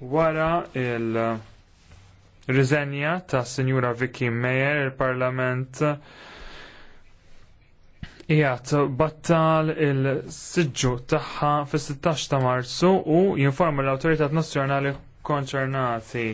Wara il- riżenja ta' Sinjura Vicky Meyer il-Parlament jgħat battal il sġġu tagħha fis-16 ta' Marzu u jinforma l-Awtoritat Nazzjonali konċernati.